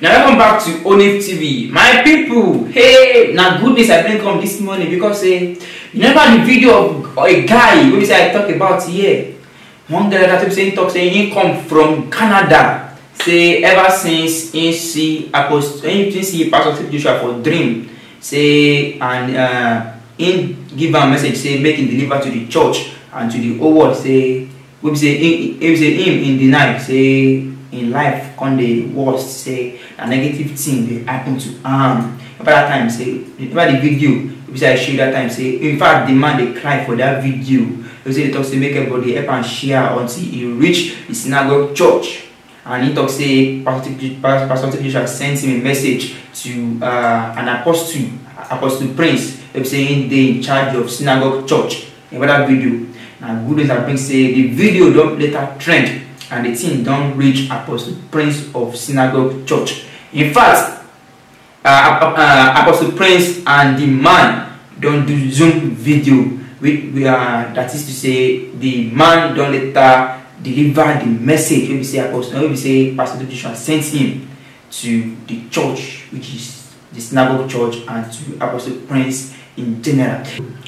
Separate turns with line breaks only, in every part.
Now welcome back to Onif TV. My people, hey, na news I bring come this morning because eh, you remember the video of a guy Who say I talk about here. One guy that saying talk say he come from Canada. Say ever since he see apostle, eh, he see pastor Joshua for dream. Say and uh, he give a message say make him deliver to the church and to the whole world. Say we say him, him say him in the night say in life come the worst say na negative thing dey happen to am remember that time say remember the video wey be say i share that time say in fact the man dey cry for that video wey say dey talk say make everybody help am share until e reach the synagogue church and he talk say pastor Pastor tikisha send him a message to uh, an apostle apostle prince wey be say he dey in charge of synagogue church remember that video na good news i bring say the video don later trend and the team don't reach Apostle Prince of Synagogue Church. In fact, uh, uh, Apostle Prince and the man don't do Zoom video. We, we are, that is to say, the man don't later deliver the message. We say Apostle, we say Pastor Joshua sent him to the church, which is the synagogue church, and to Apostle Prince in general.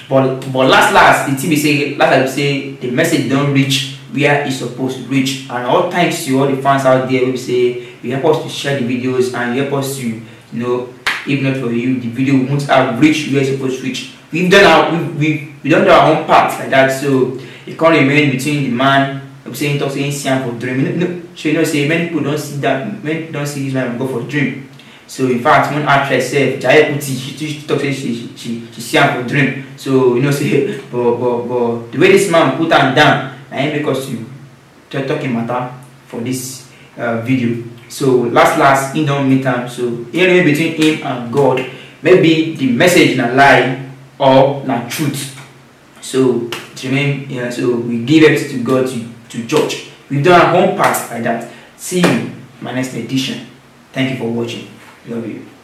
But but last last, the TV say last I say the message don't reach where it's supposed to reach and all thanks to all the fans out there who say you help us to share the videos and you help us to you know if not for you the video won't have reached where it's supposed to reach we've done our we we we don't our own part like that so it can't remain between the man I'm saying talk saying siam for dream no, no. so you know say many people don't see that many don't see this man go for dream so in fact one actress sef Jaya Kuti she she talk say she she she, she siam for dream so you know say but but but the way this man put and down and because you talk talking matter for this uh, video so last last in don meet so hearing between him and god maybe the message na lie or na truth so remain yeah, so we give it to god to to judge we've done our own part like that see you my next edition thank you for watching love you